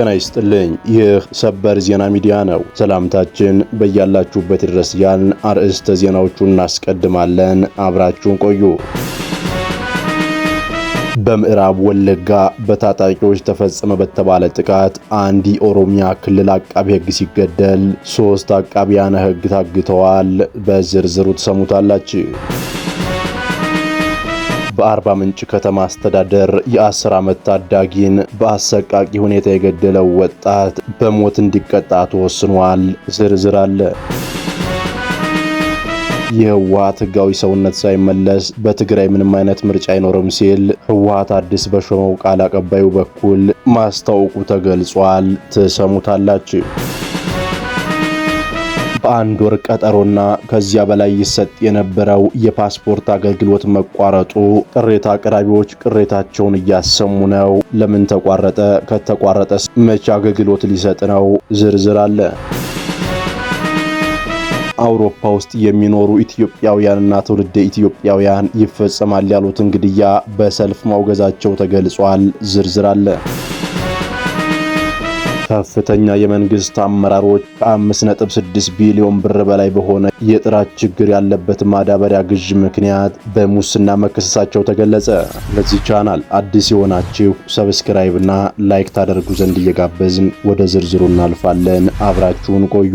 ጤና ይስጥልኝ። ይህ ሰበር ዜና ሚዲያ ነው። ሰላምታችን በያላችሁበት ድረስ ያልን አርዕስተ ዜናዎቹን እናስቀድማለን። አብራችሁን ቆዩ። በምዕራብ ወለጋ በታጣቂዎች ተፈጸመ በተባለ ጥቃት አንድ የኦሮሚያ ክልል አቃቢ ሕግ ሲገደል ሶስት አቃቢያነ ሕግ ታግተዋል። በዝርዝሩ ትሰሙታላችሁ። በአርባ ምንጭ ከተማ አስተዳደር የ10 ዓመት ታዳጊን በአሰቃቂ ሁኔታ የገደለው ወጣት በሞት እንዲቀጣ ተወስኗል። ዝርዝር አለ። የህወሓት ህጋዊ ሰውነት ሳይመለስ በትግራይ ምንም አይነት ምርጫ አይኖርም ሲል ህወሓት አዲስ በሾመው ቃል አቀባዩ በኩል ማስታወቁ ተገልጿል። ትሰሙታላችሁ። በአንድ ወር ቀጠሮና ከዚያ በላይ ይሰጥ የነበረው የፓስፖርት አገልግሎት መቋረጡ ቅሬታ አቅራቢዎች ቅሬታቸውን እያሰሙ ነው። ለምን ተቋረጠ? ከተቋረጠ መቼ አገልግሎት ሊሰጥ ነው? ዝርዝር አለ። አውሮፓ ውስጥ የሚኖሩ ኢትዮጵያውያንና ትውልደ ኢትዮጵያውያን ይፈጸማል ያሉትን ግድያ በሰልፍ ማውገዛቸው ተገልጿል። ዝርዝር አለ። ከፍተኛ የመንግስት አመራሮች ከ5.6 ቢሊዮን ብር በላይ በሆነ የጥራት ችግር ያለበት ማዳበሪያ ግዥ ምክንያት በሙስና መከሰሳቸው ተገለጸ። ለዚህ ቻናል አዲስ የሆናችሁ ሰብስክራይብ እና ላይክ ታደርጉ ዘንድ እየጋበዝን ወደ ዝርዝሩ እናልፋለን። አብራችሁን ቆዩ።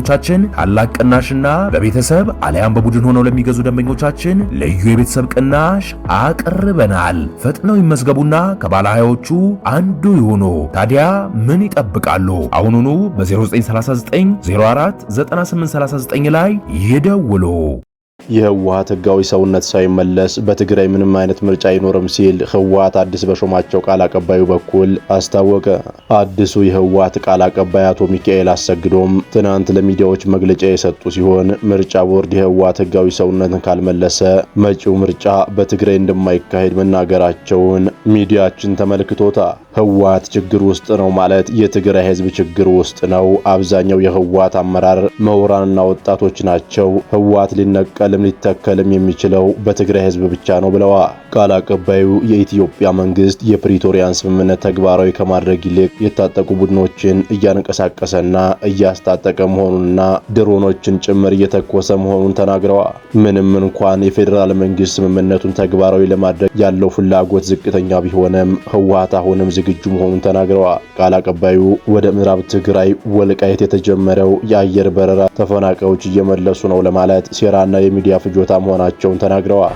ደንበኞቻችን ታላቅ ቅናሽና በቤተሰብ አሊያም በቡድን ሆነው ለሚገዙ ደንበኞቻችን ልዩ የቤተሰብ ቅናሽ አቅርበናል። ፈጥነው ይመዝገቡና ከባለ አንዱ ይሁኑ። ታዲያ ምን ይጠብቃሉ? አሁኑኑ በ0939 9839 ላይ ይደውሉ። የህወሀት ህጋዊ ሰውነት ሳይመለስ በትግራይ ምንም አይነት ምርጫ አይኖርም ሲል ህወሀት አዲስ በሾማቸው ቃል አቀባዩ በኩል አስታወቀ። አዲሱ የህወሀት ቃል አቀባይ አቶ ሚካኤል አሰግዶም ትናንት ለሚዲያዎች መግለጫ የሰጡ ሲሆን ምርጫ ቦርድ የህወሀት ህጋዊ ሰውነትን ካልመለሰ መጪው ምርጫ በትግራይ እንደማይካሄድ መናገራቸውን ሚዲያችን ተመልክቶታ ህወሀት ችግር ውስጥ ነው ማለት የትግራይ ህዝብ ችግር ውስጥ ነው። አብዛኛው የህወሀት አመራር ምሁራንና ወጣቶች ናቸው። ህወሀት ሊነቀል ዓለም ሊተከልም የሚችለው በትግራይ ህዝብ ብቻ ነው ብለዋል። ቃል አቀባዩ የኢትዮጵያ መንግስት የፕሪቶሪያን ስምምነት ተግባራዊ ከማድረግ ይልቅ የታጠቁ ቡድኖችን እያንቀሳቀሰና እያስታጠቀ መሆኑንና ድሮኖችን ጭምር እየተኮሰ መሆኑን ተናግረዋል። ምንም እንኳን የፌዴራል መንግስት ስምምነቱን ተግባራዊ ለማድረግ ያለው ፍላጎት ዝቅተኛ ቢሆንም ህወሀት አሁንም ዝግጁ መሆኑን ተናግረዋል። ቃል አቀባዩ ወደ ምዕራብ ትግራይ ወልቃየት የተጀመረው የአየር በረራ ተፈናቃዮች እየመለሱ ነው ለማለት ሴራና የሚ ለሚዲያ ፍጆታ መሆናቸውን ተናግረዋል።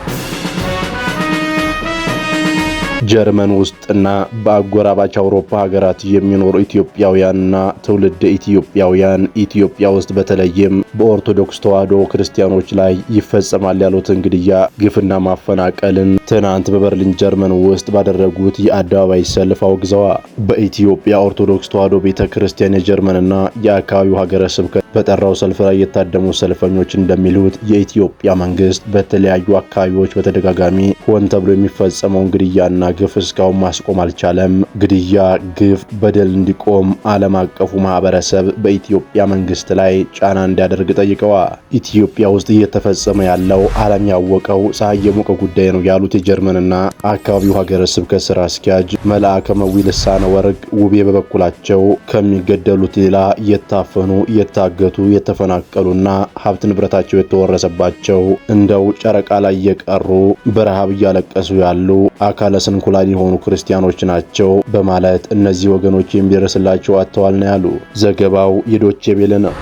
ጀርመን ውስጥና በአጎራባች አውሮፓ ሀገራት የሚኖሩ ኢትዮጵያውያንና ትውልድ ኢትዮጵያውያን ኢትዮጵያ ውስጥ በተለይም በኦርቶዶክስ ተዋሕዶ ክርስቲያኖች ላይ ይፈጸማል ያሉትን ግድያ፣ ግፍና ማፈናቀልን ትናንት በበርሊን ጀርመን ውስጥ ባደረጉት የአደባባይ ሰልፍ አውግዘዋል። በኢትዮጵያ ኦርቶዶክስ ተዋሕዶ ቤተ ክርስቲያን የጀርመንና የአካባቢው ሀገረ ስብከት በጠራው ሰልፍ ላይ የታደሙ ሰልፈኞች እንደሚሉት የኢትዮጵያ መንግስት በተለያዩ አካባቢዎች በተደጋጋሚ ሆን ተብሎ የሚፈጸመውን ግድያና ግፍ እስካሁን ማስቆም አልቻለም። ግድያ፣ ግፍ፣ በደል እንዲቆም ዓለም አቀፉ ማህበረሰብ በኢትዮጵያ መንግስት ላይ ጫና እንዲያደርግ ጠይቀዋል። ኢትዮጵያ ውስጥ እየተፈጸመ ያለው ዓለም ያወቀው ፀሐይ የሞቀ ጉዳይ ነው ያሉት የጀርመንና አካባቢው ሀገረ ስብከት ስራ አስኪያጅ መልአከ መዊ ልሳነ ወርቅ ውቤ በበኩላቸው ከሚገደሉት ሌላ እየታፈኑ የታገ በእድገቱ የተፈናቀሉና ሀብት ንብረታቸው የተወረሰባቸው እንደው ጨረቃ ላይ የቀሩ በረሃብ እያለቀሱ ያሉ አካለ ስንኩላን የሆኑ ክርስቲያኖች ናቸው በማለት እነዚህ ወገኖች የሚደርስላቸው አጥተዋል ነው ያሉ። ዘገባው የዶቼ ቤለ ነው።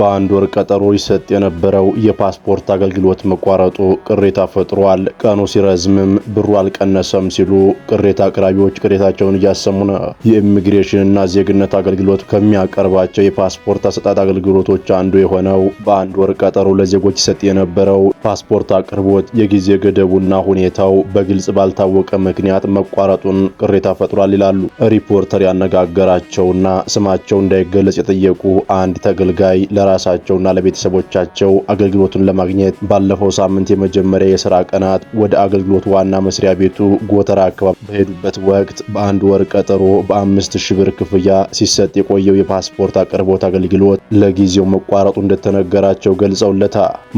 በአንድ ወር ቀጠሮ ይሰጥ የነበረው የፓስፖርት አገልግሎት መቋረጡ ቅሬታ ፈጥሯል። ቀኑ ሲረዝምም ብሩ አልቀነሰም ሲሉ ቅሬታ አቅራቢዎች ቅሬታቸውን እያሰሙ ነው። የኢሚግሬሽንና ዜግነት አገልግሎት ከሚያቀርባቸው የፓስፖርት አሰጣጥ አገልግሎቶች አንዱ የሆነው በአንድ ወር ቀጠሮ ለዜጎች ይሰጥ የነበረው ፓስፖርት አቅርቦት የጊዜ ገደቡና ሁኔታው በግልጽ ባልታወቀ ምክንያት መቋረጡን ቅሬታ ፈጥሯል ይላሉ ሪፖርተር ያነጋገራቸውና ስማቸው እንዳይገለጽ የጠየቁ አንድ ተገልጋይ ለራሳቸውና ለቤተሰቦቻቸው አገልግሎቱን ለማግኘት ባለፈው ሳምንት የመጀመሪያ የስራ ቀናት ወደ አገልግሎት ዋና መስሪያ ቤቱ ጎተራ አካባቢ በሄዱበት ወቅት በአንድ ወር ቀጠሮ በአምስት ሺህ ብር ክፍያ ሲሰጥ የቆየው የፓስፖርት አቅርቦት አገልግሎት ለጊዜው መቋረጡ እንደተነገራቸው ገልጸውለታ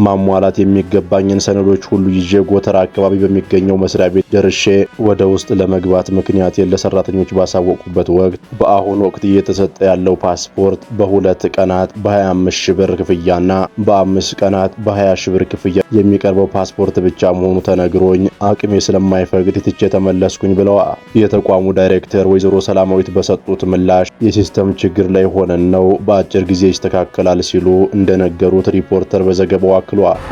ማሟላት የሚገባኝን ሰነዶች ሁሉ ይዤ ጎተራ አካባቢ በሚገኘው መስሪያ ቤት ደርሼ ወደ ውስጥ ለመግባት ምክንያት ለሰራተኞች ባሳወቁበት ወቅት በአሁኑ ወቅት እየተሰጠ ያለው ፓስፖርት በሁለት ቀናት በ25 ሺህ ብር ክፍያና በአምስት ቀናት በ20 ሺህ ብር ክፍያ የሚቀርበው ፓስፖርት ብቻ መሆኑ ተነግሮኝ አቅሜ ስለማይፈቅድ ትቼ ተመለስኩኝ ብለዋል። የተቋሙ ዳይሬክተር ወይዘሮ ሰላማዊት በሰጡት ምላሽ የሲስተም ችግር ላይ ሆነን ነው፣ በአጭር ጊዜ ይስተካከላል ሲሉ እንደነገሩት ሪፖርተር በዘገባው አክሏል።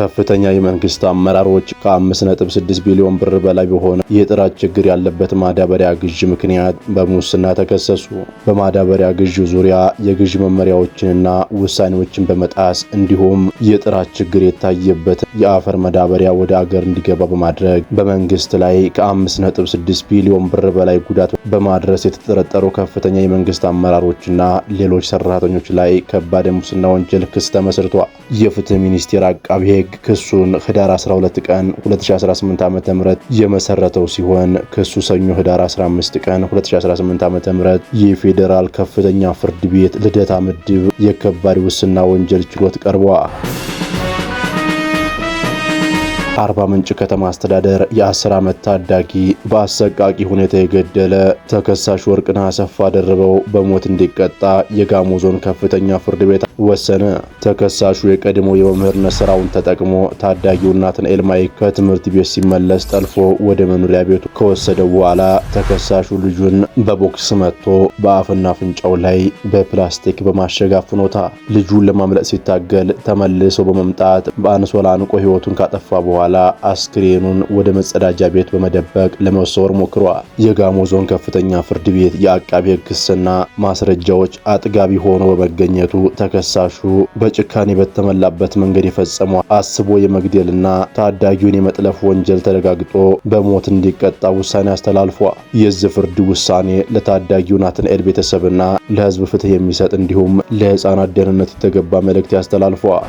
ከፍተኛ የመንግስት አመራሮች ከ5.6 ቢሊዮን ብር በላይ በሆነ የጥራት ችግር ያለበት ማዳበሪያ ግዥ ምክንያት በሙስና ተከሰሱ። በማዳበሪያ ግዥ ዙሪያ የግዥ መመሪያዎችንና ውሳኔዎችን በመጣስ እንዲሁም የጥራት ችግር የታየበት የአፈር ማዳበሪያ ወደ አገር እንዲገባ በማድረግ በመንግስት ላይ ከ5.6 ቢሊዮን ብር በላይ ጉዳት በማድረስ የተጠረጠሩ ከፍተኛ የመንግስት አመራሮችና ሌሎች ሰራተኞች ላይ ከባድ የሙስና ወንጀል ክስ ተመስርቷል። የፍትህ ሚኒስቴር አቃቢ ህግ ክሱን ህዳር 12 ቀን 2018 ዓ ም የመሰረተው ሲሆን ክሱ ሰኞ ህዳር 15 ቀን 2018 ዓ ም የፌዴራል ከፍተኛ ፍርድ ቤት ልደታ ምድብ የከባድ ውስና ወንጀል ችሎት ቀርቧል። አርባ ምንጭ ከተማ አስተዳደር የ10 ዓመት ታዳጊ በአሰቃቂ ሁኔታ የገደለ ተከሳሽ ወርቅነህ አሰፋ ደርበው በሞት እንዲቀጣ የጋሞ ዞን ከፍተኛ ፍርድ ቤት ወሰነ። ተከሳሹ የቀድሞ የመምህርነት ስራውን ተጠቅሞ ታዳጊው ናትናኤል ማይክ ከትምህርት ቤት ሲመለስ ጠልፎ ወደ መኖሪያ ቤቱ ከወሰደ በኋላ ተከሳሹ ልጁን በቦክስ መጥቶ በአፍና አፍንጫው ላይ በፕላስቲክ በማሸግ አፍኖታ ልጁን ለማምለጥ ሲታገል ተመልሶ በመምጣት በአንሶላ አንቆ ሕይወቱን ካጠፋ በኋላ አስክሬኑን ወደ መጸዳጃ ቤት በመደበቅ ለመሰወር ሞክሯል። የጋሞ ዞን ከፍተኛ ፍርድ ቤት የአቃቢ ሕግ ክስና ማስረጃዎች አጥጋቢ ሆኖ በመገኘቱ ተከሳሹ በጭካኔ በተሞላበት መንገድ የፈጸመው አስቦ የመግደልና ታዳጊውን የመጥለፍ ወንጀል ተረጋግጦ በሞት እንዲቀጣ ውሳኔ አስተላልፏል። የዚህ ፍርድ ውሳኔ ለታዳጊው ናትናኤል ቤተሰብና ለህዝብ ፍትህ የሚሰጥ እንዲሁም ለህፃናት ደህንነት የተገባ መልእክት ያስተላልፏል።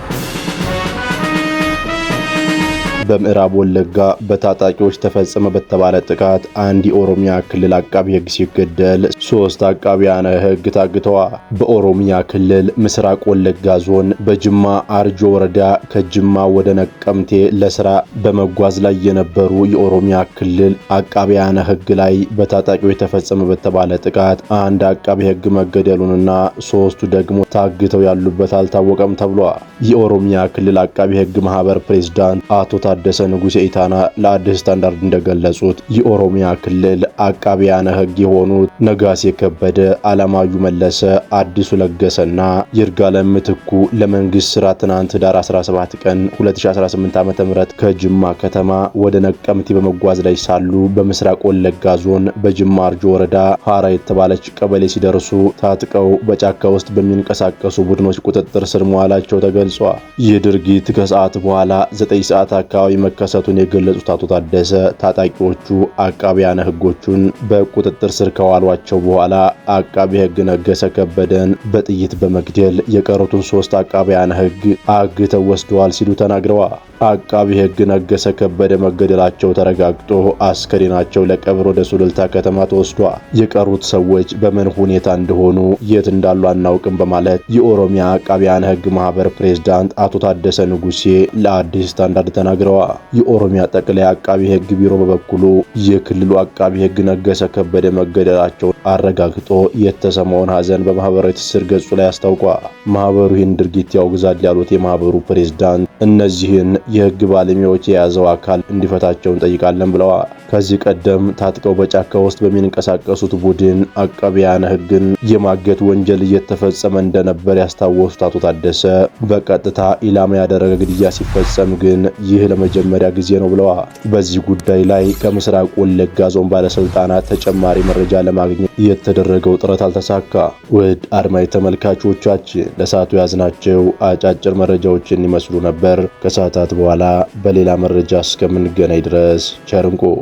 በምዕራብ ወለጋ በታጣቂዎች ተፈጸመ በተባለ ጥቃት አንድ የኦሮሚያ ክልል አቃቢ ሕግ ሲገደል ሶስት አቃቢያነ ሕግ ታግተዋል። በኦሮሚያ ክልል ምስራቅ ወለጋ ዞን በጅማ አርጆ ወረዳ ከጅማ ወደ ነቀምቴ ለስራ በመጓዝ ላይ የነበሩ የኦሮሚያ ክልል አቃቢያነ ሕግ ላይ በታጣቂዎች ተፈጸመ በተባለ ጥቃት አንድ አቃቢ ሕግ መገደሉንና ሶስቱ ደግሞ ታግተው ያሉበት አልታወቀም ተብሏል። የኦሮሚያ ክልል አቃቢ ህግ ማህበር ፕሬዝዳንት አቶ ታደሰ ንጉሴ ኢታና ለአዲስ ስታንዳርድ እንደገለጹት የኦሮሚያ ክልል አቃቢያነ ህግ የሆኑት ነጋሴ ከበደ፣ አለማዩ መለሰ፣ አዲሱ ለገሰና ይርጋለም ምትኩ ለመንግስት ስራ ትናንት ዳር 17 ቀን 2018 ዓ.ም ከጅማ ከተማ ወደ ነቀምቲ በመጓዝ ላይ ሳሉ በምስራቅ ወለጋ ዞን በጅማ አርጆ ወረዳ ሀራ የተባለች ቀበሌ ሲደርሱ ታጥቀው በጫካ ውስጥ በሚንቀሳቀሱ ቡድኖች ቁጥጥር ስር መዋላቸው ተገልጿል። ገልጿል። ይህ ድርጊት ከሰዓት በኋላ ዘጠኝ ሰዓት አካባቢ መከሰቱን የገለጹት አቶ ታደሰ ታጣቂዎቹ አቃቢያነ ሕጎቹን በቁጥጥር ስር ከዋሏቸው በኋላ አቃቢ ሕግ ነገሰ ከበደን በጥይት በመግደል የቀሩትን ሶስት አቃቢያነ ሕግ አግተው ወስደዋል ሲሉ ተናግረዋል። አቃቢ ሕግ ነገሰ ከበደ መገደላቸው ተረጋግጦ አስከሬናቸው ለቀብር ወደ ሱሉልታ ከተማ ተወስዷል። የቀሩት ሰዎች በምን ሁኔታ እንደሆኑ የት እንዳሉ አናውቅም በማለት የኦሮሚያ አቃቢያን ሕግ ማህበር ፕሬዝዳንት አቶ ታደሰ ንጉሴ ለአዲስ ስታንዳርድ ተናግረዋል። የኦሮሚያ ጠቅላይ አቃቢ ሕግ ቢሮ በበኩሉ የክልሉ አቃቢ ሕግ ነገሰ ከበደ መገደላቸው አረጋግጦ የተሰማውን ሀዘን በማህበራዊ ትስስር ገጹ ላይ አስታውቋል። ማህበሩ ይህን ድርጊት ያውግዛል ያሉት የማህበሩ ፕሬዝዳንት እነዚህን የህግ ባለሙያዎች የያዘው አካል እንዲፈታቸው እንጠይቃለን ብለዋል። ከዚህ ቀደም ታጥቀው በጫካ ውስጥ በሚንቀሳቀሱት ቡድን አቃቢያነ ህግን የማገት ወንጀል እየተፈጸመ እንደነበር ያስታወሱት አቶ ታደሰ በቀጥታ ኢላማ ያደረገ ግድያ ሲፈጸም ግን ይህ ለመጀመሪያ ጊዜ ነው ብለዋል። በዚህ ጉዳይ ላይ ከምስራቅ ወለጋ ዞን ባለስልጣናት ተጨማሪ መረጃ ለማግኘት የተደረገው ጥረት አልተሳካ። ውድ አድማ ተመልካቾቻችን ለሰዓቱ ያዝናቸው አጫጭር መረጃዎች ይመስሉ ነበር። ከሰዓታት በኋላ በሌላ መረጃ እስከምንገናኝ ድረስ ቸርንቆ